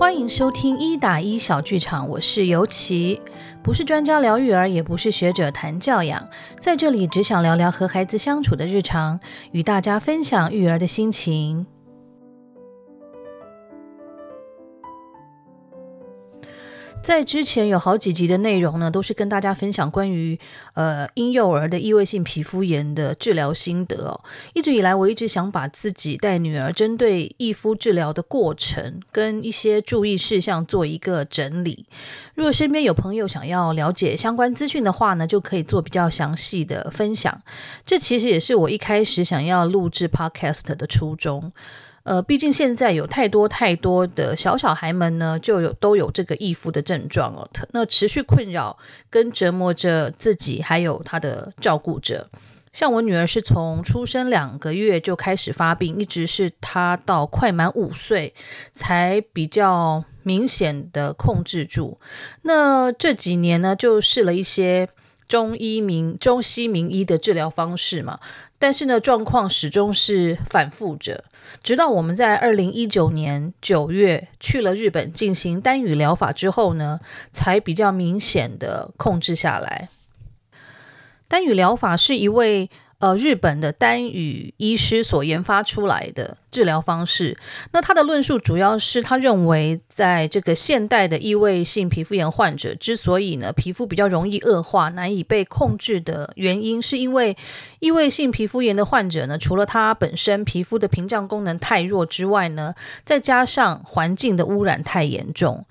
歡迎收聽一打一小劇場，我是尤琪，不是專家聊育兒，也不是學者談教養，在這裡只想聊聊和孩子相處的日常，與大家分享育兒的心情。在之前有好幾集的內容呢，都是跟大家分享關於呃嬰幼兒的異位性皮膚炎的治療心得哦。一直以來，我一直想把自己帶女兒針對異膚治療的過程跟一些注意事項做一個整理。如果身邊有朋友想要了解相關資訊的話呢，就可以做比較詳細的分享。這其實也是我一開始想要錄製 podcast 的初衷。呃，畢竟現在有太多太多的小小孩們呢，就有都有這個異膚的症狀了，那持續困擾跟折磨着自己，還有他的照顧者。像我女兒是從出生兩個月就開始發病，一直是她到快滿五歲才比較明顯的控制住。那這幾年呢，就試了一些中醫名、中西名醫的治療方式嘛。但是呢，狀況始終是反復着，直到我們在二零一九年九月去了日本進行丹羽療法之後呢，才比較明顯的控制下來。丹羽療法是一位。呃，日本的丹羽醫師所研發出來的治療方式，那他的論述主要是他認為，在這個現代的異位性皮膚炎患者之所以呢，皮膚比較容易惡化、難以被控制的原因，是因為異位性皮膚炎的患者呢，除了他本身皮膚的屏障功能太弱之外呢，再加上環境的污染太嚴重，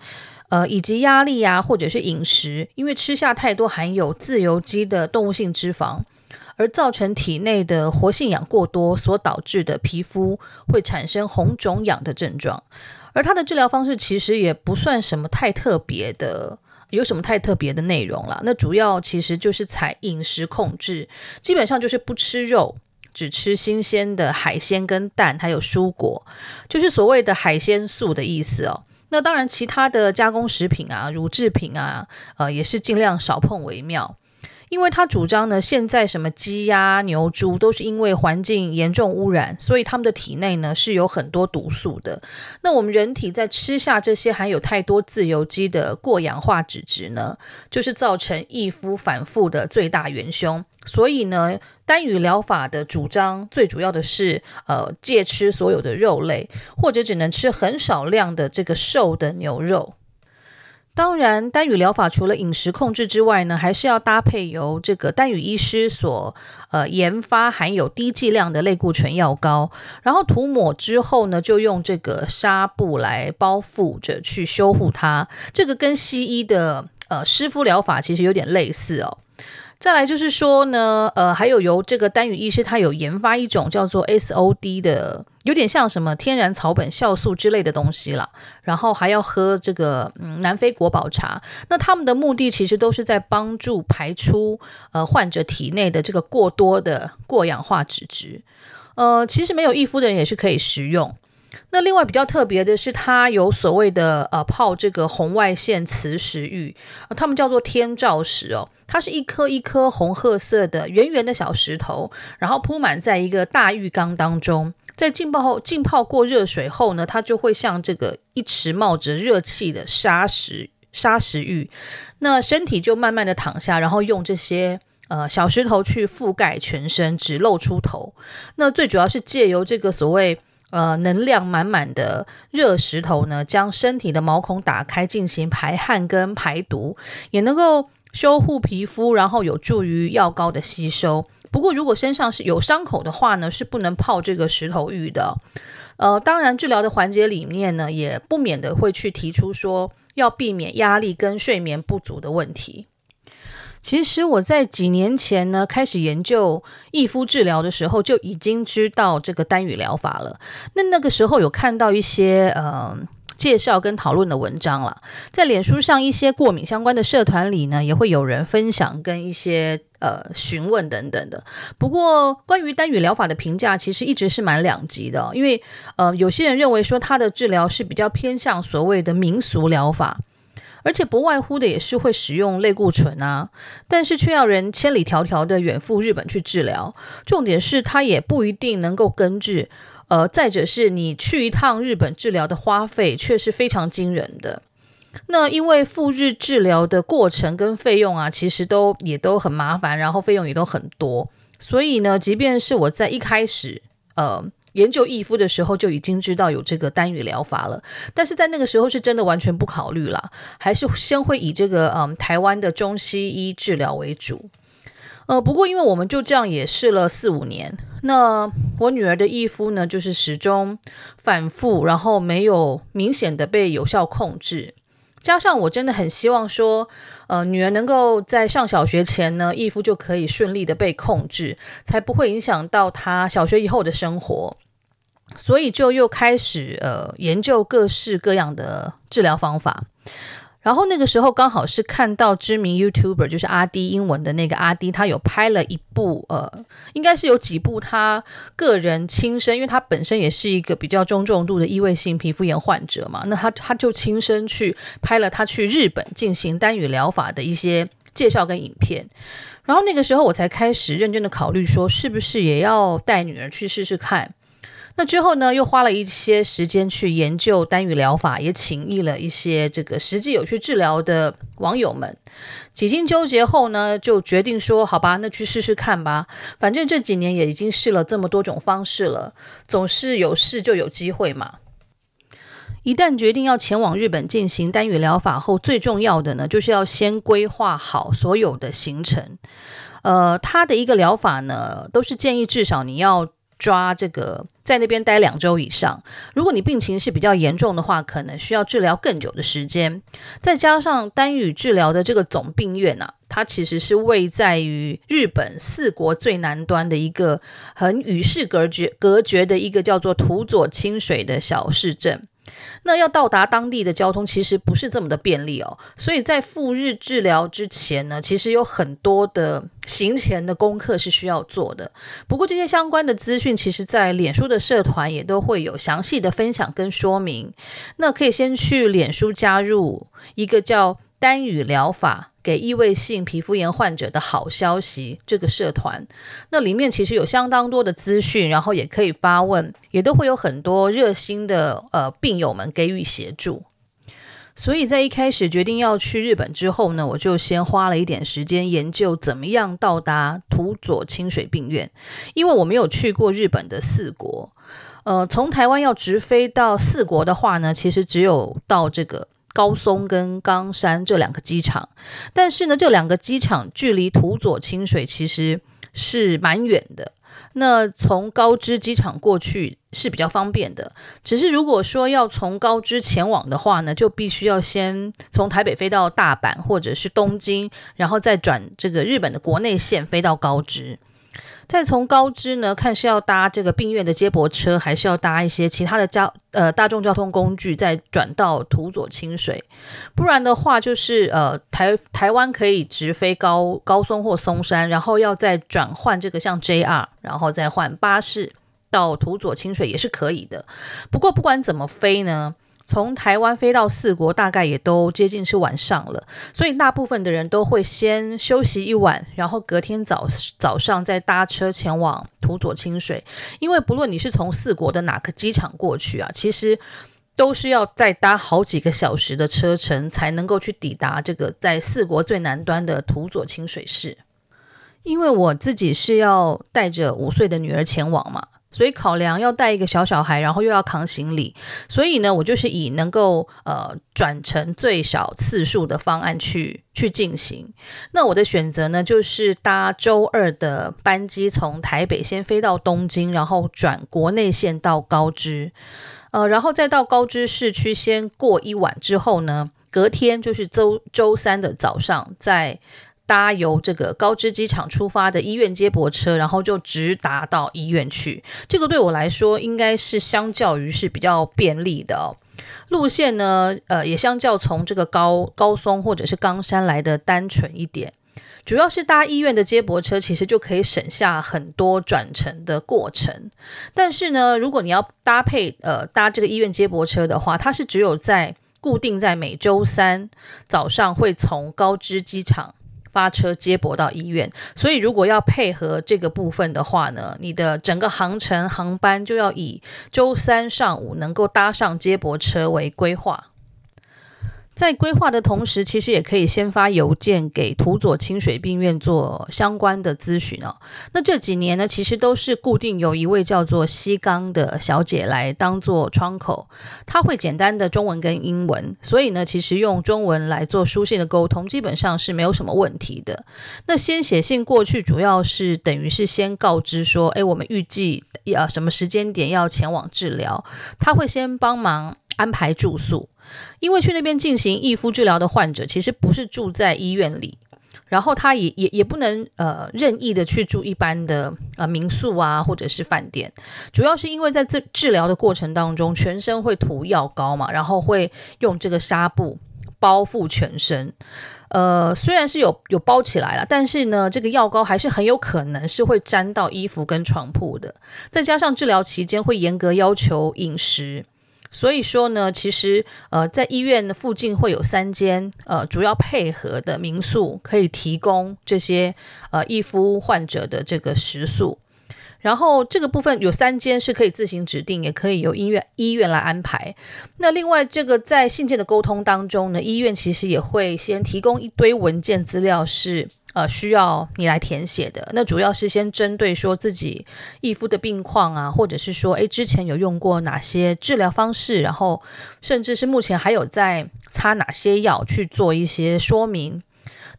呃，以及壓力啊，或者是飲食，因為吃下太多含有自由基的動物性脂肪。而造成體內的活性氧過多，所導致的皮膚會產生紅腫癢的症狀。而它的治療方式其實也不算什麼太特別的，有什麼太特別的內容了？那主要其實就是採飲食控制，基本上就是不吃肉，只吃新鮮的海鮮跟蛋，還有蔬果，就是所謂的海鮮素的意思哦。那當然，其他的加工食品啊、乳製品啊，呃，也是儘量少碰為妙。因為他主張呢，現在什麼雞鴨、啊、牛豬都是因為環境嚴重污染，所以他們的體內呢是有很多毒素的。那我們人體在吃下這些含有太多自由基的過氧化脂質呢，就是造成異膚反覆的最大元凶。所以呢，丹羽療法的主張最主要的是，呃，戒吃所有的肉類，或者只能吃很少量的這個瘦的牛肉。當然，丹羽療法除了飲食控制之外呢，還是要搭配由這個丹羽醫師所呃研發含有低劑量的類固醇藥膏，然後塗抹之後呢，就用這個紗布來包覆着去修護它。這個跟西醫的呃濕敷療法其實有點類似哦。再來就是說呢，呃，還有由這個丹羽醫師，他有研發一種叫做 SOD 的，有點像什麼天然草本酵素之類的東西啦。然後還要喝這個嗯南非國寶茶。那他們的目的其實都是在幫助排出呃患者體內的這個過多的過氧化脂質。呃，其實沒有異膚的人也是可以食用。那另外比較特別的是，它有所謂的呃泡這個紅外線磁石浴，呃，它們叫做天照石哦，它是一顆一顆紅褐色的圓圓的小石頭，然後鋪滿在一個大浴缸當中，在浸泡後浸泡過熱水後呢，它就會像這個一池冒着熱氣的沙石沙石浴，那身體就慢慢地躺下，然後用這些呃小石頭去覆蓋全身，只露出頭，那最主要是借由這個所謂。呃，能量滿滿的熱石頭呢，將身體的毛孔打開進行排汗跟排毒，也能夠修護皮膚，然後有助於藥膏的吸收。不過，如果身上是有傷口的話呢，是不能泡這個石頭浴的。呃，當然，治療的環節裡面呢，也不免的會去提出說要避免壓力跟睡眠不足的問題。其實我在幾年前呢開始研究異膚治療的時候，就已經知道這個丹羽療法了。那那個時候有看到一些嗯、呃、介紹跟討論的文章啦，在臉書上一些過敏相關的社團裡呢，也會有人分享跟一些呃詢問等等的。不過關於丹羽療法的評價，其實一直是蠻兩極的，哦，因為呃有些人認為說它的治療是比較偏向所謂的民俗療法。而且不外乎的也是會使用類固醇啊，但是卻要人千里迢迢的遠赴日本去治療。重點是它也不一定能夠根治，呃，再者是你去一趟日本治療的花費卻是非常驚人的。那因為赴日治療的過程跟費用啊，其實都也都很麻煩，然後費用也都很多。所以呢，即便是我在一開始，呃。研究異膚的時候就已經知道有這個丹羽療法了，但是在那個時候是真的完全不考慮了，還是先會以這個嗯台灣的中西醫治療為主。呃，不過因為我們就這樣也試了四五年，那我女兒的異膚呢，就是始終反復，然後沒有明顯的被有效控制。加上我真的很希望說，呃，女兒能夠在上小學前呢，異膚就可以順利的被控制，才不會影響到她小學以後的生活。所以就又開始呃研究各式各樣的治療方法。然後那個時候剛好是看到知名 YouTuber，就是阿滴英文的那個阿滴他有拍了一部，呃，應該是有幾部，他個人親身，因為他本身也是一個比較中重,重度的異位性皮膚炎患者嘛，那他他就親身去拍了他去日本進行丹羽療法的一些介紹跟影片，然後那個時候我才開始認真的考慮說，是不是也要帶女兒去試試看。那之後呢，又花了一些時間去研究丹羽療法，也請益了一些這個實際有去治療的網友們。幾經糾結後呢，就決定說，好吧，那去試試看吧。反正這幾年也已經試了這麼多種方式了，總是有試就有機會嘛。一旦決定要前往日本進行丹羽療法後，最重要的呢，就是要先規劃好所有的行程。呃，他的一個療法呢，都是建議至少你要抓這個。在那邊待兩周以上，如果你病情是比較嚴重的話，可能需要治療更久的時間。再加上丹羽治療的這個總病院呢、啊，它其實是位在於日本四國最南端的一個很與世隔絕、隔絕的一個叫做土佐清水的小市鎮。那要到達當地的交通其實不是這麼的便利哦，所以在赴日治療之前呢，其實有很多的行前的功課是需要做的。不過這些相關的資訊，其實在臉書的社團也都會有詳細的分享跟說明。那可以先去臉書加入一個叫。丹羽療法給異位性皮膚炎患者的好消息。這個社團，那裡面其實有相當多的資訊，然後也可以發問，也都會有很多熱心的呃病友們給予協助。所以在一開始決定要去日本之後呢，我就先花了一點時間研究怎麼樣到達土佐清水病院，因為我沒有去過日本的四國。呃，從台灣要直飛到四國的話呢，其實只有到這個。高松跟岡山這兩個機場，但是呢，這兩個機場距離土佐清水其實是蠻遠的。那從高知機場過去是比較方便的，只是如果說要從高知前往的話呢，就必須要先從台北飛到大阪或者是東京，然後再轉這個日本的國內線飛到高知。再從高知呢，看是要搭這個病院的接駁車，還是要搭一些其他的交呃、大眾交通工具，再轉到土佐清水。不然的話，就是呃台台灣可以直飛高高松、或松山，然後要再轉換這個像 JR，然後再換巴士到土佐清水也是可以的。不過不管怎麼飛呢，從台灣飛到四國，大概也都接近是晚上了，所以大部分的人都會先休息一晚，然後隔天早早上再搭車前往土佐清水。因為不論你是從四國的哪個機場過去啊，其實都是要再搭好幾個小時的車程才能夠去抵達這個在四國最南端的土佐清水市。因為我自己是要帶着五歲的女兒前往嘛。所以考量要帶一個小小孩，然後又要扛行李，所以呢，我就是以能夠呃轉乘最少次數的方案去去進行。那我的選擇呢，就是搭周二的班機從台北先飛到東京，然後轉國內線到高知，呃，然後再到高知市區先過一晚之後呢，隔天就是周周三的早上再。搭由這個高知機場出發的醫院接駁車，然後就直達到醫院去。這個對我來說應該是相較於是比較便利的哦。路線呢，呃，也相較從這個高高松或者是岡山來的單純一點。主要是搭醫院的接駁車，其實就可以省下很多轉乘的過程。但是呢，如果你要搭配呃搭這個醫院接駁車的話，它是只有在固定在每週三早上會從高知機場，搭車接駁到醫院，所以如果要配合這個部分的話呢，你的整個航程、航班就要以周三上午能夠搭上接駁車為規劃。在規劃的同時，其實也可以先發郵件給土佐清水病院，做相關的諮詢哦。那這幾年呢，其實都是固定由一位叫做西岡的小姐來當做窗口，她會簡單的中文跟英文，所以呢，其實用中文來做書信的溝通，基本上是沒有什麼問題的。那先寫信過去，主要是等於是先告知說，哎，我們預計要、呃、什麼時間點要前往治療，她會先幫忙安排住宿，因為去那邊進行異膚治療的患者，其實不是住在醫院裡，然後他也也也不能呃任意的去住一般的呃民宿啊或者是飯店，主要是因為在這治療的過程當中，全身會塗藥膏嘛，然後會用這個紗布包覆全身，呃雖然是有有包起來了，但是呢，這個藥膏還是很有可能是會沾到衣服跟床鋪的，再加上治療期間會嚴格要求飲食。所以說呢，其實呃，在醫院附近會有三間呃主要配合的民宿，可以提供這些呃異膚患者的這個食宿。然後這個部分有三間是可以自行指定，也可以由醫院醫院來安排。那另外這個在信件的溝通當中呢，醫院其實也會先提供一堆文件資料是。呃，需要你來填寫的，那主要是先針對說自己異膚的病況啊，或者是說，誒，之前有用過哪些治療方式，然後甚至是目前還有在擦哪些藥去做一些說明。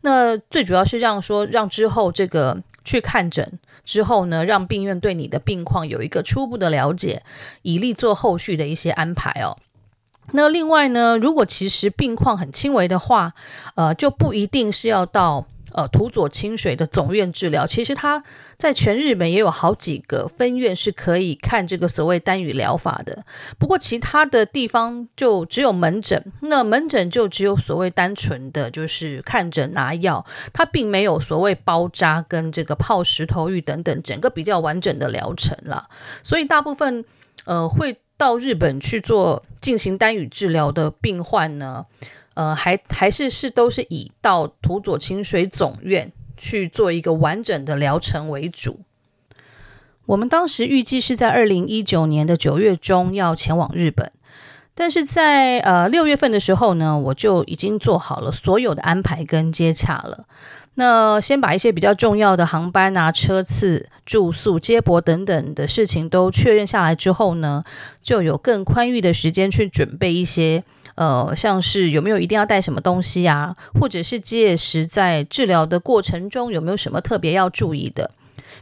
那最主要是讓說，讓之後這個去看診之後呢，讓病院對你的病況有一個初步的了解，以利做後續的一些安排哦。那另外呢，如果其實病況很輕微的話，呃，就不一定是要到。呃，土佐清水的總院治療，其實他在全日本也有好幾個分院是可以看這個所謂丹羽療法的。不過其他的地方就只有門診，那門診就只有所謂單純的，就是看診拿藥，他並沒有所謂包紮跟這個泡石頭浴等等整個比較完整的療程了。所以大部分呃會到日本去做進行丹羽治療的病患呢，呃，還是還是是都是以到土佐清水總院去做一個完整的療程為主。我們當時預計是在二零一九年的九月中要前往日本，但是在呃六月份的時候呢，我就已經做好了所有的安排跟接洽了。那先把一些比較重要的航班啊、車次、住宿、接駁等等的事情都確認下來之後呢，就有更寬裕的時間去準備一些。呃，像是有沒有一定要帶什麼東西啊？或者是屆時在治療的過程中有沒有什麼特別要注意的？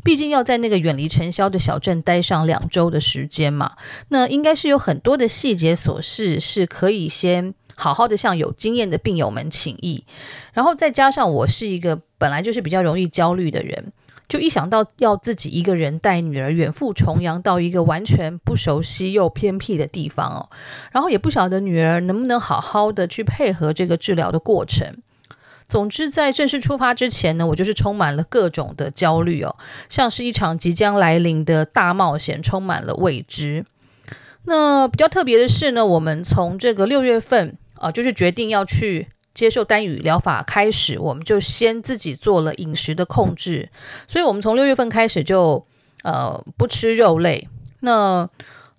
畢竟要在那個遠離塵囂的小鎮待上兩周的時間嘛，那應該是有很多的細節瑣事是可以先好好的向有經驗的病友們請益。然後再加上我是一個本來就是比較容易焦慮的人。就一想到要自己一個人帶女兒遠赴重洋到一個完全不熟悉又偏僻的地方哦，然後也不曉得女兒能不能好好的去配合這個治療的過程。總之，在正式出發之前呢，我就是充滿了各種的焦慮哦，像是一場即將來臨的大冒險，充滿了未知。那比較特別的是呢，我們從這個六月份啊，就是決定要去。接受丹羽療法開始，我們就先自己做了飲食的控制，所以我們從六月份開始就呃不吃肉類。那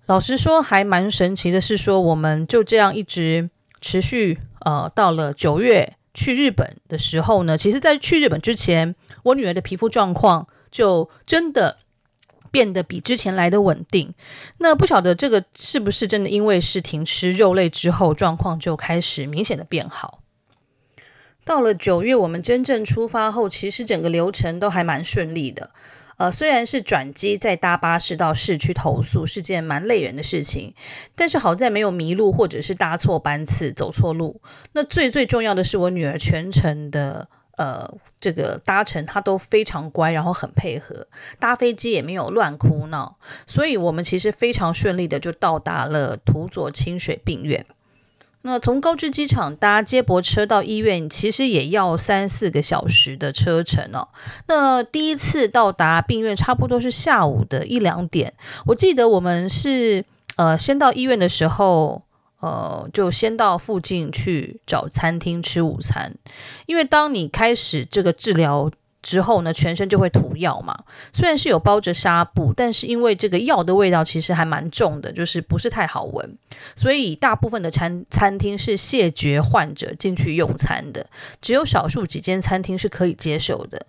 老實說，還蠻神奇的是說，說我們就這樣一直持續呃到了九月去日本的時候呢，其實在去日本之前，我女兒的皮膚狀況就真的變得比之前來的穩定。那不曉得這個是不是真的，因為是停吃肉類之後，狀況就開始明顯的變好。到了九月，我們真正出發後，其實整個流程都還蠻順利的。呃，雖然是轉機再搭巴士到市區投宿是件蠻累人的事情，但是好在沒有迷路或者是搭錯班次、走錯路。那最最重要的是，我女兒全程的呃這個搭乘，她都非常乖，然後很配合，搭飛機也沒有亂哭鬧，所以我們其實非常順利的就到達了土佐清水病院。那從高知機場搭接駁車到醫院，其實也要三四個小時的車程哦。那第一次到達病院，差不多是下午的一兩點。我記得我們是呃，先到醫院的時候，呃，就先到附近去找餐廳吃午餐，因為當你開始這個治療。之後呢，全身就會塗藥嘛。雖然是有包着紗布，但是因為這個藥的味道其實還蠻重的，就是不是太好聞，所以大部分的餐餐廳是謝絕患者進去用餐的，只有少數幾間餐廳是可以接受的。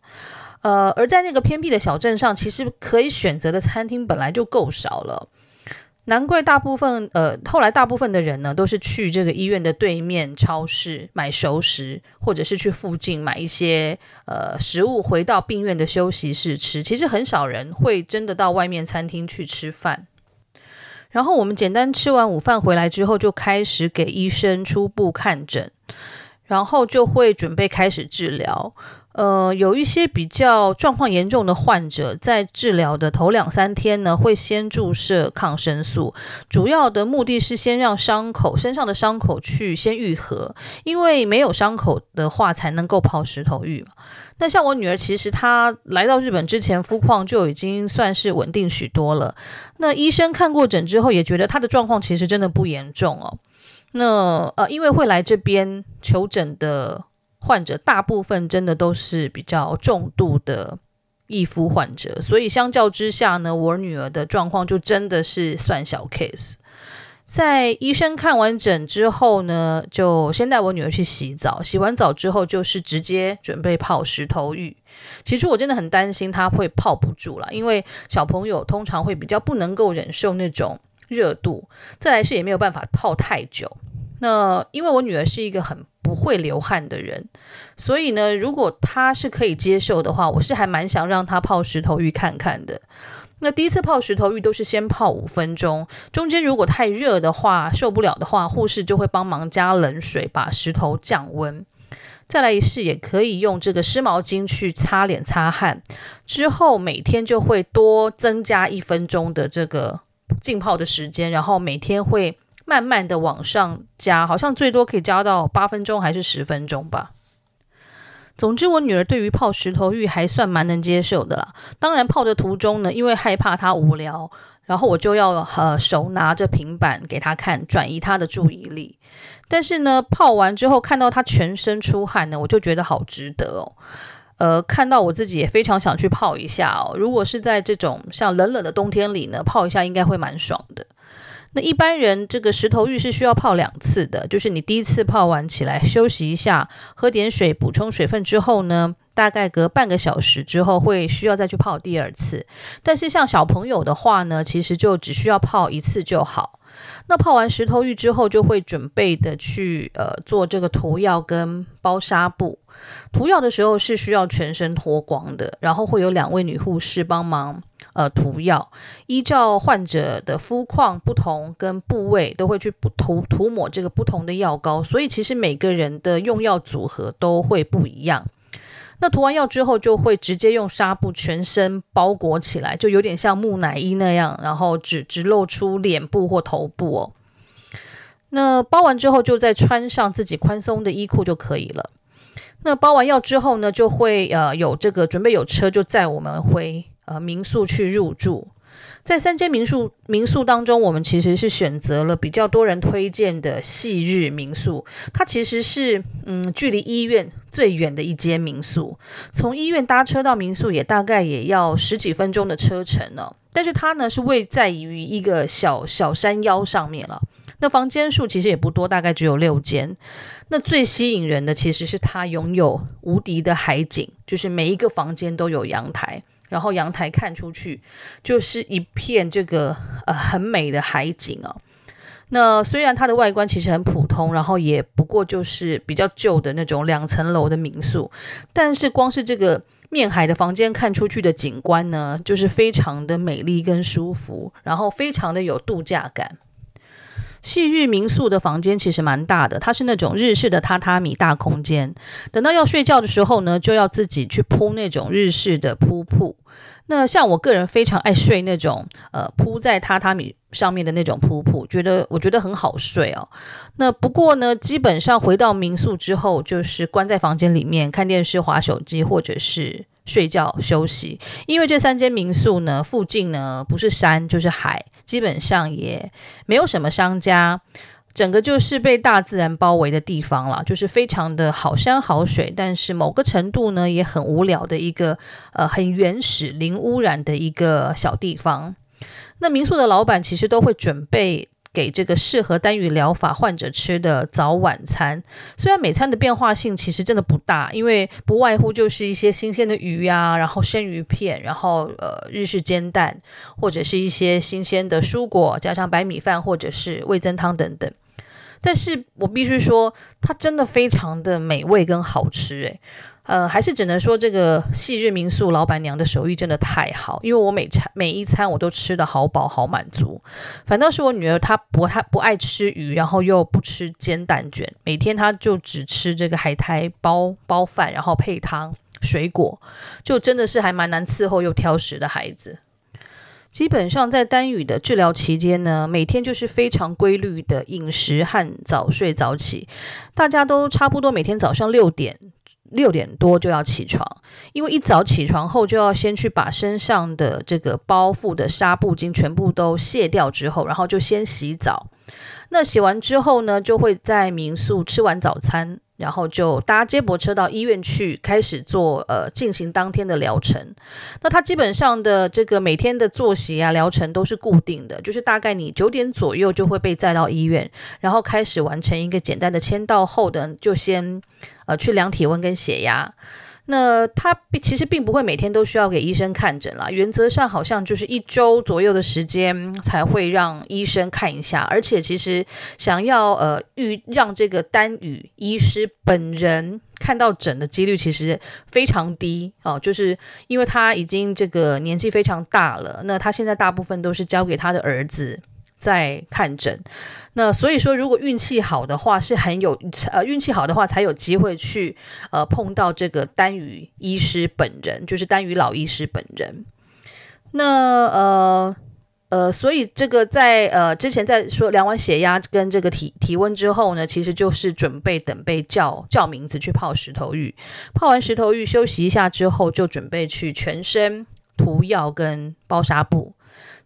呃，而在那個偏僻的小鎮上，其實可以選擇的餐廳本來就夠少了。難怪大部分呃，後來大部分的人呢，都是去這個醫院的對面超市買熟食，或者是去附近買一些呃食物，回到病院的休息室吃。其實很少人會真的到外面餐廳去吃飯。然後我們簡單吃完午飯回來之後，就開始給醫生初步看診，然後就會準備開始治療。呃，有一些比較狀況嚴重的患者，在治療的頭兩三天呢，會先注射抗生素，主要的目的是先讓傷口身上的傷口去先癒合，因為沒有傷口的話，才能夠泡石頭浴。那像我女兒，其實她來到日本之前，膚況就已經算是穩定許多了。那醫生看過診之後，也覺得她的狀況其實真的不嚴重哦。那呃，因為會來這邊求診的。患者大部分真的都是比較重度的異膚患者，所以相較之下呢，我女兒的狀況就真的是算小 case。在醫生看完診之後呢，就先帶我女兒去洗澡，洗完澡之後就是直接準備泡石頭浴。起初我真的很擔心她會泡不住啦，因為小朋友通常會比較不能夠忍受那種熱度，再來是也沒有辦法泡太久。那因為我女兒是一個很。不會流汗的人，所以呢，如果他是可以接受的話，我是還蠻想讓他泡石頭浴看看的。那第一次泡石頭浴都是先泡五分鐘，中間如果太熱的話，受不了的話，護士就會幫忙加冷水把石頭降溫。再來一次也可以用這個濕毛巾去擦臉擦汗，之後每天就會多增加一分鐘的這個浸泡的時間，然後每天會慢慢的往上加，好像最多可以加到八分鐘還是十分鐘吧。總之，我女兒對於泡石頭浴還算蠻能接受的啦。當然，泡的途中呢，因為害怕她無聊，然後我就要呃手拿着平板給她看，轉移她的注意力。但是呢，泡完之後看到她全身出汗呢，我就覺得好值得哦。呃，看到我自己也非常想去泡一下哦。如果是在這種像冷冷的冬天裡呢，泡一下應該會蠻爽的。那一般人這個石頭浴是需要泡兩次的，就是你第一次泡完起來休息一下，喝點水補充水分之後呢，大概隔半個小時之後會需要再去泡第二次。但是像小朋友的話呢，其實就只需要泡一次就好。那泡完石頭浴之後，就會準備的去呃做這個塗藥跟包紗布。塗藥的時候是需要全身脫光的，然後會有兩位女護士幫忙。呃，塗藥，依照患者的膚況不同跟部位，都會去塗塗抹這個不同的藥膏，所以其實每個人的用藥組合都會不一樣。那塗完藥之後，就會直接用紗布全身包裹起來，就有點像木乃伊那樣，然後只只露出臉部或頭部哦。那包完之後，就再穿上自己寬鬆的衣褲就可以了。那包完藥之後呢，就會呃有這個準備有車就載我們回，呃，民宿去入住，在三間民宿民宿當中，我們其實是選擇了比較多人推薦的旭日民宿。它其實是嗯，距離醫院最遠的一間民宿，從醫院搭車到民宿也大概也要十幾分鐘的車程呢、哦。但是它呢是位在於一個小小山腰上面了。那房間數其實也不多，大概只有六間。那最吸引人的其實是它擁有無敵的海景，就是每一個房間都有陽台。然後陽台看出去就是一片這個呃很美的海景啊、哦。那雖然它的外觀其實很普通，然後也不過就是比較舊的那種兩層樓的民宿，但是光是這個面海的房間看出去的景觀呢，就是非常的美麗跟舒服，然後非常的有度假感。旭日民宿的房間其實蠻大的，它是那種日式的榻榻米大空間。等到要睡覺的時候呢，就要自己去鋪那種日式的鋪鋪。那像我個人非常愛睡那種呃鋪在榻榻米上面的那種鋪鋪，覺得我覺得很好睡哦。那不過呢，基本上回到民宿之後，就是關在房間裡面看電視、滑手機，或者是。睡覺休息，因為這三間民宿呢，附近呢，不是山就是海，基本上也沒有什麼商家，整個就是被大自然包圍的地方了，就是非常的好山好水，但是某個程度呢也很無聊的一個，呃，很原始零污染，的一個小地方。那民宿的老闆其實都會準備。給這個適合丹羽療法患者吃的早晚餐，雖然每餐的變化性其實真的不大，因為不外乎就是一些新鮮的魚呀、啊，然後生魚片，然後呃日式煎蛋，或者是一些新鮮的蔬果，加上白米飯，或者是味噌湯等等。但是我必須說，它真的非常的美味跟好吃誒、欸。呃，還是只能說這個昔日民宿老板娘的手藝真的太好，因為我每餐每一餐我都吃得好飽好滿足。反倒是我女兒，她不太不愛吃魚，然後又不吃煎蛋卷，每天她就只吃這個海苔包包飯，然後配湯水果，就真的是還蠻難伺候又挑食的孩子。基本上在丹羽的治療期間呢，每天就是非常規律的飲食和早睡早起，大家都差不多每天早上六點，六點多就要起床，因為一早起床後就要先去把身上的這個包覆的紗布巾全部都卸掉之後，然後就先洗澡。那洗完之後呢，就會在民宿吃完早餐。然後就搭接駁車到醫院去，開始做呃進行當天的療程。那他基本上的這個每天的作息啊，療程都是固定的，就是大概你九點左右就會被載到醫院，然後開始完成一個簡單的簽到後的，就先呃去量體溫跟血壓。那他並其實並不會每天都需要給醫生看診啦，原則上好像就是一周左右的時間才會讓醫生看一下，而且其實想要呃預讓這個丹羽醫師本人看到診的幾率其實非常低哦、啊，就是因為他已經這個年紀非常大了，那他現在大部分都是交給他的兒子。在看診，那所以說，如果運氣好的話，是很有呃運氣好的話，才有機會去呃碰到這個丹羽醫師本人，就是丹羽老醫師本人。那呃呃，所以這個在呃之前在說量完血壓跟這個體體溫之後呢，其實就是準備等被叫叫名字去泡石頭浴，泡完石頭浴休息一下之後，就準備去全身塗藥跟包紗布。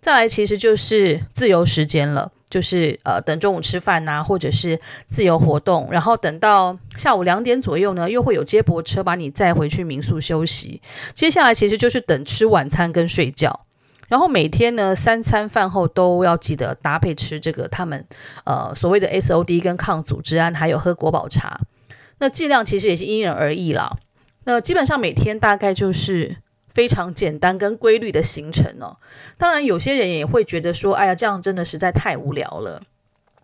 再來其實就是自由時間了，就是呃等中午吃飯吶、啊，或者是自由活動，然後等到下午兩點左右呢，又會有接駁車把你載回去民宿休息。接下來其實就是等吃晚餐跟睡覺，然後每天呢三餐飯後都要記得搭配吃這個他們呃所謂的 SOD 跟抗組織胺，還有喝國寶茶。那劑量其實也是因人而異啦。那基本上每天大概就是。非常簡單跟規律的行程哦，當然有些人也會覺得說，哎呀，這樣真的實在太無聊了，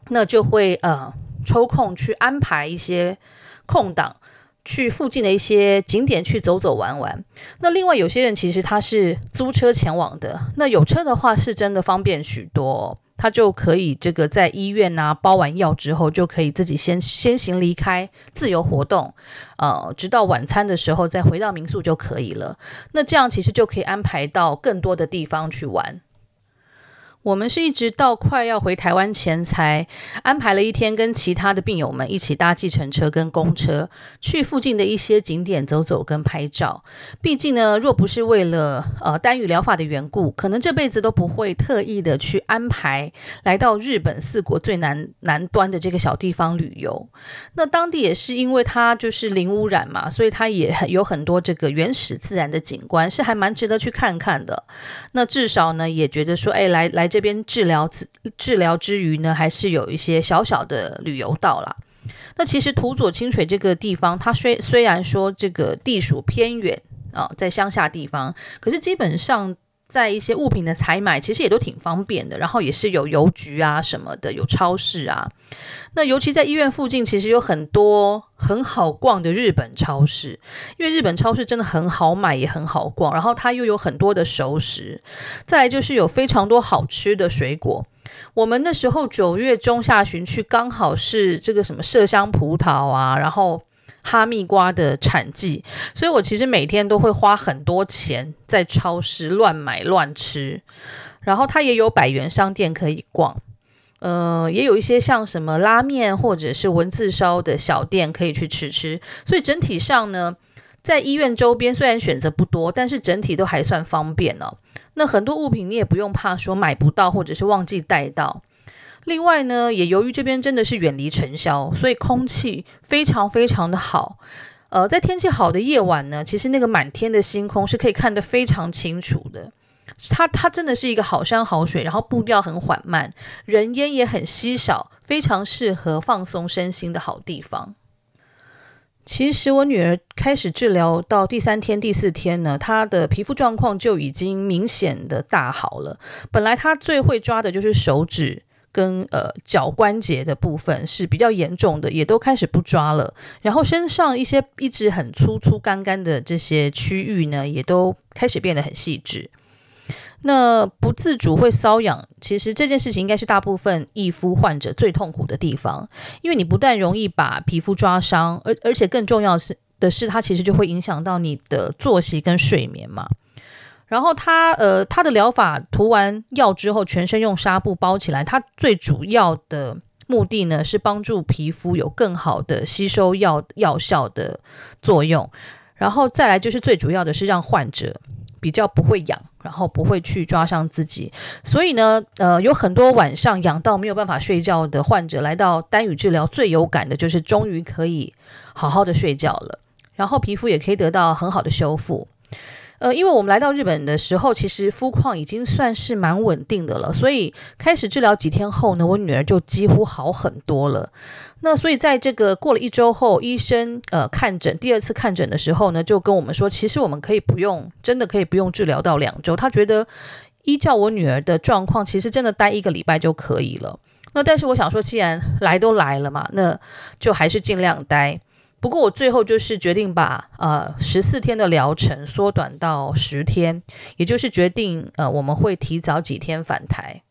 那就會呃抽空去安排一些空檔，去附近的一些景點去走走玩玩。那另外有些人其實他是租車前往的，那有車的話是真的方便許多哦。他就可以這個在醫院吶、啊、包完藥之後，就可以自己先先行離開，自由活動，呃，直到晚餐的時候再回到民宿就可以了。那這樣其實就可以安排到更多的地方去玩。我們是一直到快要回台灣前才安排了一天，跟其他的病友們一起搭計程車跟公車去附近的一些景點走走跟拍照。畢竟呢，若不是為了呃丹羽療法的緣故，可能這輩子都不會特意的去安排來到日本四國最南南端的這個小地方旅遊。那當地也是因為它就是零污染嘛，所以它也很有很多這個原始自然的景觀，是還蠻值得去看看的。那至少呢，也覺得說，哎、欸，來來。這邊治療之治療之餘呢，還是有一些小小的旅遊道啦。那其實土佐清水這個地方，它雖雖然說這個地處偏遠啊、哦，在鄉下地方，可是基本上。在一些物品的採買，其實也都挺方便的，然後也是有郵局啊什麼的，有超市啊。那尤其在醫院附近，其實有很多很好逛的日本超市，因為日本超市真的很好買，也很好逛，然後它又有很多的熟食，再來就是有非常多好吃的水果。我們那時候九月中下旬去，剛好是這個什麼麝香葡萄啊，然後。哈密瓜的產季，所以我其實每天都會花很多錢在超市亂買亂吃，然後它也有百元商店可以逛，嗯、呃，也有一些像什麼拉麵或者是文字燒的小店可以去吃吃。所以整體上呢，在醫院周邊雖然選擇不多，但是整體都還算方便哦。那很多物品你也不用怕說買不到或者是忘記帶到。另外呢，也由於這邊真的是遠離塵囂，所以空氣非常非常的好。呃，在天氣好的夜晚呢，其實那個滿天的星空是可以看得非常清楚的。它它真的是一個好山好水，然後步調很緩慢，人煙也很稀少，非常適合放鬆身心的好地方。其實我女兒開始治療到第三天、第四天呢，她的皮膚狀況就已經明顯的大好了。本來她最會抓的就是手指。跟呃腳關節的部分是比較嚴重的，也都開始不抓了。然後身上一些一直很粗粗乾乾的這些區域呢，也都開始變得很細緻。那不自主會瘙癢，其實這件事情應該是大部分異膚患者最痛苦的地方，因為你不但容易把皮膚抓傷，而而且更重要是的是，它其實就會影響到你的作息跟睡眠嘛。然後他呃，他的療法塗完藥之後，全身用紗布包起來。他最主要的目的呢，是幫助皮膚有更好的吸收藥藥效的作用。然後再來就是最主要的是讓患者比較不會癢，然後不會去抓傷自己。所以呢，呃，有很多晚上癢到沒有辦法睡覺的患者來到丹羽治療，最有感的就是終於可以好好的睡覺了，然後皮膚也可以得到很好的修復。呃，因為我們來到日本的時候，其實膚況已經算是蠻穩定的了，所以開始治療幾天後呢，我女兒就幾乎好很多了。那所以在這個過了一周後，醫生呃看診，第二次看診的時候呢，就跟我們說，其實我們可以不用，真的可以不用治療到兩周。他覺得依照我女兒的狀況，其實真的待一個禮拜就可以了。那但是我想說，既然來都來了嘛，那就還是盡量待。不過我最後就是決定把呃十四天的療程縮短到十天，也就是決定呃我們會提早幾天返台。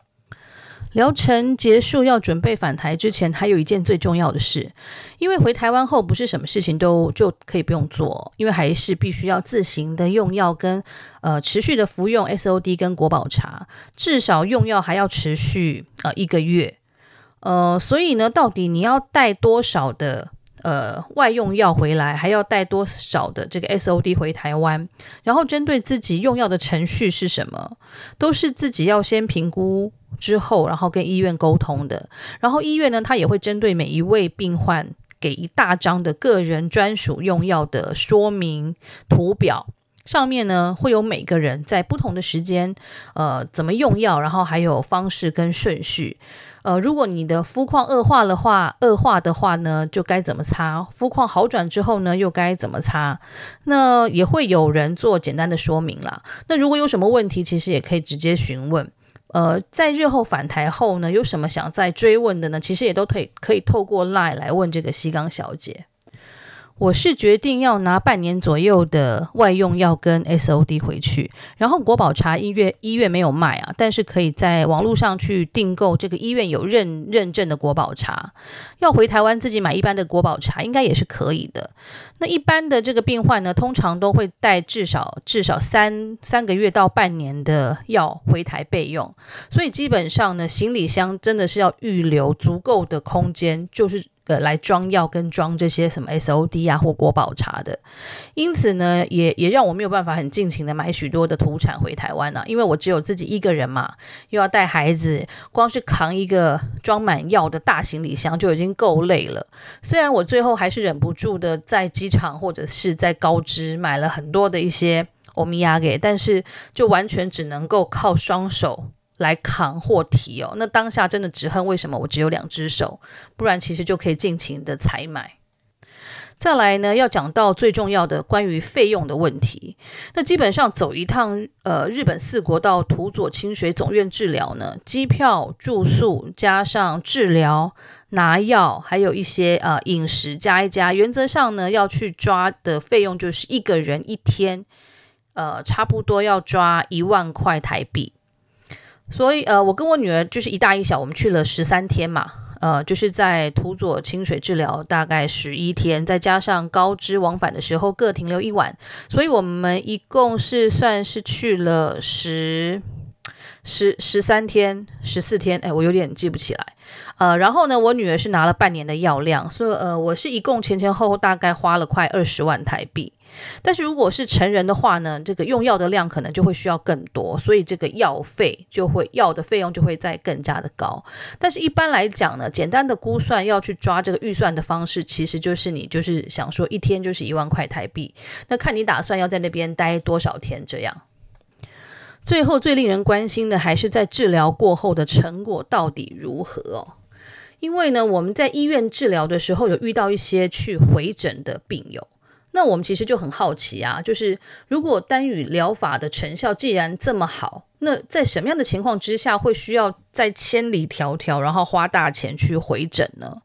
療程結束要準備返台之前，還有一件最重要的事，因為回台灣後不是什麼事情都就可以不用做，因為還是必須要自行的用藥跟呃持續的服用 SOD 跟國寶茶，至少用藥還要持續呃一個月。呃，所以呢，到底你要帶多少的？呃，外用藥回來還要帶多少的這個 SOD 回台灣？然後針對自己用藥的程序是什麼？都是自己要先評估之後，然後跟醫院溝通的。然後醫院呢，他也會針對每一位病患給一大張的個人專屬用藥的說明圖表，上面呢會有每個人在不同的時間，呃，怎麼用藥，然後還有方式跟順序。呃，如果你的膚況惡化的話，惡化的話呢，就該怎麼擦？膚況好轉之後呢，又該怎麼擦？那也會有人做簡單的說明啦。那如果有什麼問題，其實也可以直接詢問。呃，在日後返台後呢，有什麼想再追問的呢？其實也都可以可以透過 LINE 來問這個西岡小姐。我是決定要拿半年左右的外用藥跟 SOD 回去，然後國寶茶醫院醫院沒有賣啊，但是可以在網絡上去訂購這個醫院有認認證的國寶茶。要回台灣自己買一般的國寶茶，應該也是可以的。那一般的這個病患呢，通常都會帶至少至少三三個月到半年的藥回台備用，所以基本上呢，行李箱真的是要預留足夠的空間，就是。來裝藥跟裝這些什麼 SOD 啊或國寶茶的，因此呢，也也讓我沒有辦法很盡情的買許多的土產回台灣呢，啊，因為我只有自己一個人嘛，又要帶孩子，光是扛一個裝滿藥的大行李箱就已經夠累了。雖然我最後還是忍不住的在機場或者是在高知買了很多的一些歐米亞給，但是就完全只能夠靠雙手。來扛或提哦，那當下真的只恨為什麼我只有兩隻手，不然其實就可以盡情的採買。再來呢，要講到最重要的關於費用的問題，那基本上走一趟呃日本四國到土佐清水總院治療呢，機票、住宿加上治療、拿藥，還有一些呃飲食加一加，原則上呢要去抓的費用就是一個人一天呃差不多要抓一萬塊台幣。所以，呃，我跟我女兒就是一大一小，我們去了十三天嘛，呃，就是在土佐清水治療大概十一天，再加上高知往返的時候各停留一晚，所以我們一共是算是去了十十十三天十四天，哎，我有點記不起來，呃，然後呢，我女兒是拿了半年的藥量，所以呃，我是一共前前後後大概花了快二十萬台幣。但是如果是成人的話呢，這個用藥的量可能就會需要更多，所以這個藥費就會藥的費用就會再更加的高。但是，一般來講呢，簡單的估算要去抓這個預算的方式，其實就是你就是想說一天就是一萬塊台幣，那看你打算要在那邊待多少天這樣。最後，最令人關心的還是在治療過後的成果到底如何哦？因為呢，我們在醫院治療的時候有遇到一些去回診的病友。那我們其實就很好奇啊，就是如果丹羽療法的成效既然這麼好，那在什麼樣的情況之下會需要再千里迢迢，然後花大錢去回診呢？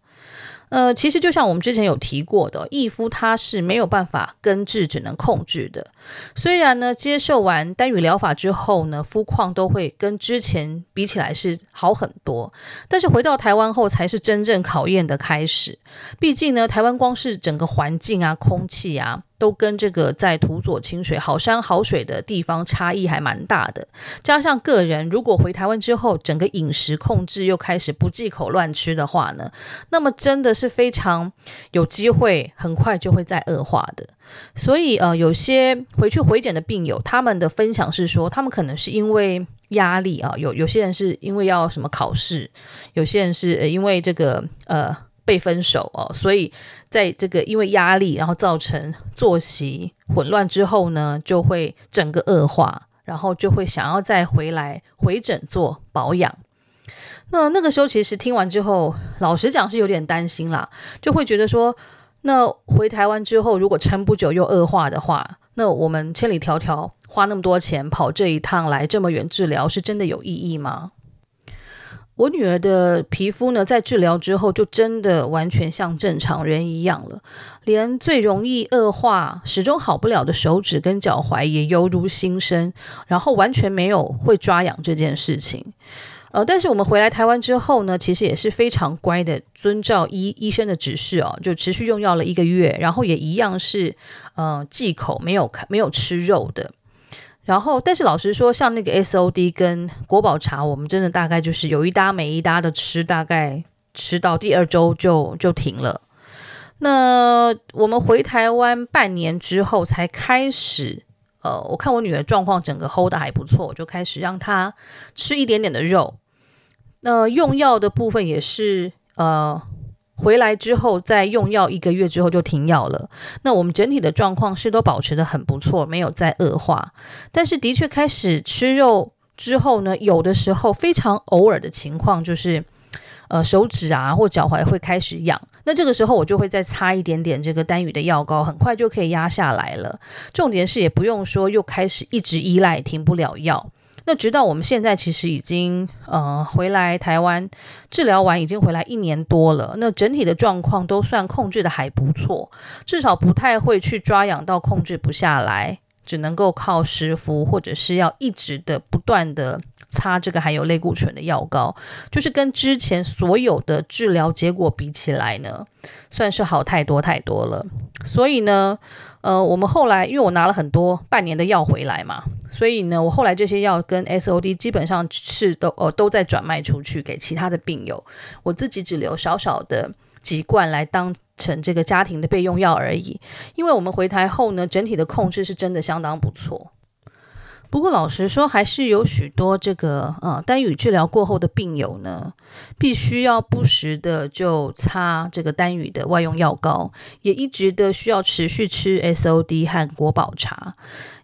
呃，其實就像我們之前有提過的，異膚他是沒有辦法根治，只能控制的。雖然呢，接受完丹羽療法之後呢，膚況都會跟之前比起來是好很多，但是回到台灣後才是真正考驗的開始。畢竟呢，台灣光是整個環境啊，空氣啊，都跟這個在土佐清水好山好水的地方差異還蠻大的，加上個人如果回台灣之後，整個飲食控制又開始不忌口亂吃的話呢，那麼真的是非常有機會很快就會再惡化的。所以呃，有些回去回檢的病友，他們的分享是說，他們可能是因為壓力啊、呃，有有些人是因為要什麼考試，有些人是因為這個呃。被分手哦，所以在這個因為壓力，然後造成作息混亂之後呢，就會整個惡化，然後就會想要再回來回診做保養。那那個時候其實聽完之後，老實講是有點擔心啦，就會覺得說，那回台灣之後如果撐不久又惡化的話，那我們千里迢迢花那麼多錢跑這一趟來這麼遠治療，是真的有意義嗎？我女兒的皮膚呢，在治療之後就真的完全像正常人一樣了，連最容易惡化、始終好不了的手指跟腳踝也猶如新生，然後完全沒有會抓癢這件事情。呃，但是我們回來台灣之後呢，其實也是非常乖的，遵照醫醫生的指示哦，就持續用藥了一個月，然後也一樣是呃忌口，沒有沒有吃肉的。然後，但是老實說，像那個 SOD 跟國寶茶，我們真的大概就是有一搭沒一搭的吃，大概吃到第二周就就停了。那我們回台灣半年之後才開始，呃，我看我女兒狀況整個 hold 的還不錯，就開始讓她吃一點點的肉。那，呃，用藥的部分也是，呃。回來之後，在用藥一個月之後就停藥了。那我們整體的狀況是都保持得很不錯，沒有再惡化。但是的確開始吃肉之後呢，有的時候非常偶爾的情況就是，呃，手指啊或腳踝會開始癢。那這個時候我就會再擦一點點這個丹羽的藥膏，很快就可以壓下來了。重點是也不用說又開始一直依賴，停不了藥。那直到我們現在其實已經呃回來台灣治療完，已經回來一年多了。那整體的狀況都算控制得還不錯，至少不太會去抓癢到控制不下來，只能夠靠濕敷或者是要一直的不斷的擦這個含有類固醇的藥膏。就是跟之前所有的治療結果比起來呢，算是好太多太多了。所以呢，呃，我們後來因為我拿了很多半年的藥回來嘛。所以呢，我後來這些藥跟 SOD 基本上是都呃都在轉賣出去給其他的病友，我自己只留少少的幾罐來當成這個家庭的備用藥而已。因為我們回台後呢，整體的控制是真的相當不錯。不過老實說，還是有許多這個呃丹羽治療過後的病友呢，必須要不時的就擦這個丹羽的外用藥膏，也一直的需要持續吃 SOD 和國寶茶。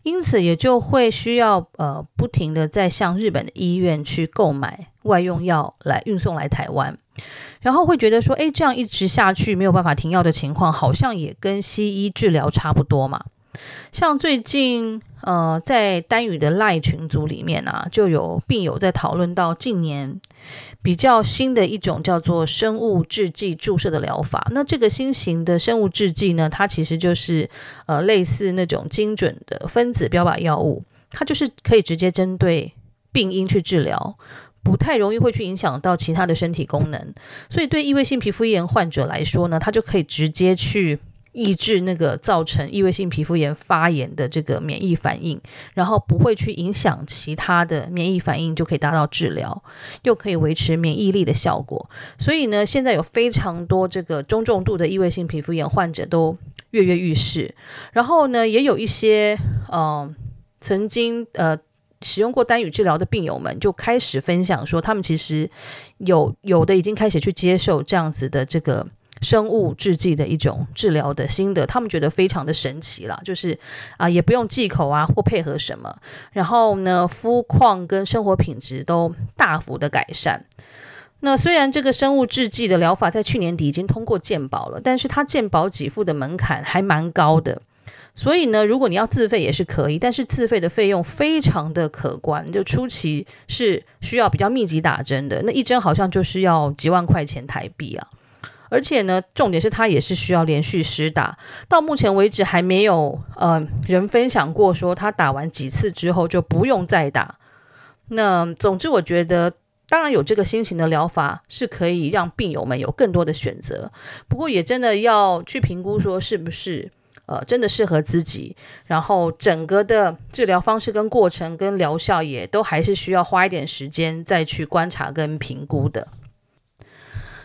因此也就會需要呃不停地再向日本的醫院去購買外用藥來運送來台灣，然後會覺得說，哎，這樣一直下去沒有辦法停藥的情況，好像也跟西醫治療差不多嘛。像最近呃在丹羽的 LINE 群組裡面啊，就有病友在討論到近年。比較新的一種叫做生物製劑注射的療法。那這個新型的生物製劑呢，它其實就是呃類似那種精準的分子標靶藥物，它就是可以直接針對病因去治療，不太容易會去影響到其他的身體功能。所以對異位性皮膚炎患者來說呢，它就可以直接去。抑制那個造成異位性皮膚炎發炎的這個免疫反應，然後不會去影響其他的免疫反應，就可以達到治療又可以維持免疫力的效果。所以呢，現在有非常多這個中重度的異位性皮膚炎患者都躍躍欲試。然後呢，也有一些嗯、呃、曾經呃使用過丹羽治療的病友們，就開始分享說，他們其實有有的已經開始去接受這樣子的這個。生物製劑的一種治療的心得，他們覺得非常的神奇啦，就是啊也不用忌口啊或配合什麼，然後呢，膚況跟生活品質都大幅的改善。那雖然這個生物製劑的療法在去年底已經通過健保了，但是它健保給付的門檻還蠻高的，所以呢，如果你要自費也是可以，但是自費的費用非常的可觀，就初期是需要比較密集打針的，那一針好像就是要幾萬塊錢台幣啊。而且呢，重點是它也是需要連續施打，到目前為止還沒有呃人分享過說他打完幾次之後就不用再打。那總之，我覺得當然有這個新型的療法是可以讓病友們有更多的選擇，不過也真的要去評估說是不是呃真的適合自己，然後整個的治療方式跟過程跟療效也都還是需要花一點時間再去觀察跟評估的。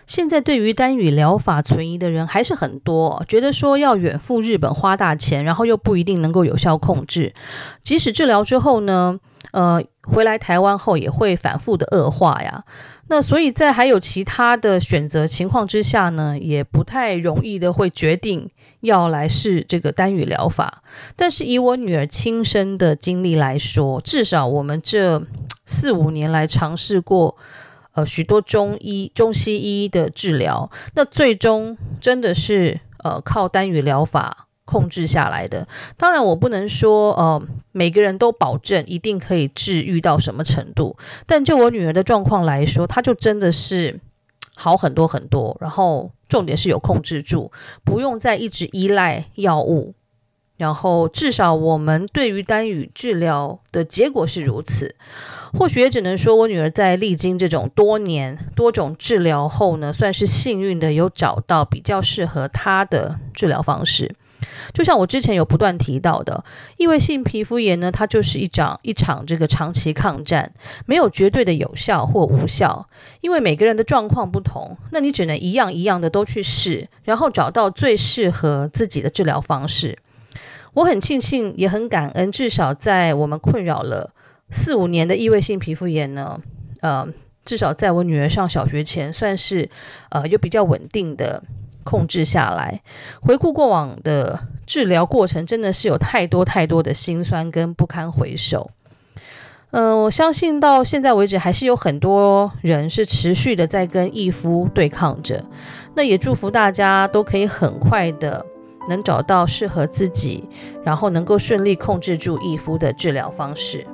現在對於丹羽療法存疑的人還是很多，覺得說要遠赴日本花大錢，然後又不一定能夠有效控制。即使治療之後呢，呃，回來台灣後也會反覆的惡化呀。那所以在還有其他的選擇情況之下呢，也不太容易的會決定要來試這個丹羽療法。但是以我女兒親身的經歷來說，至少我們這四五年來嘗試過。呃，許多中醫、中西醫的治療，那最終真的是呃靠丹羽療法控制下來的。當然，我不能說呃每個人都保證一定可以治癒到什麼程度，但就我女兒的狀況來說，她就真的是好很多很多，然後重點是有控制住，不用再一直依賴藥物。然後，至少我們對於丹羽治療的結果是如此。或許也只能說我女兒在歷經這種多年多種治療後呢，算是幸運的有找到比較適合她的治療方式。就像我之前有不斷提到的，異位性皮膚炎呢，它就是一場一場這個長期抗戰，沒有絕對的有效或無效，因為每個人的狀況不同，那你只能一樣一樣的都去試，然後找到最適合自己的治療方式。我很慶幸，也很感恩，至少在我們困擾了四五年的異位性皮膚炎呢，呃，至少在我女兒上小學前，算是呃有比較穩定的控制下來。回顧過往的治療過程，真的是有太多太多的辛酸跟不堪回首。嗯、呃，我相信到現在為止，還是有很多人是持續的在跟異膚對抗着。那也祝福大家都可以很快的。能找到適合自己，然後能夠順利控制住異膚的治療方式。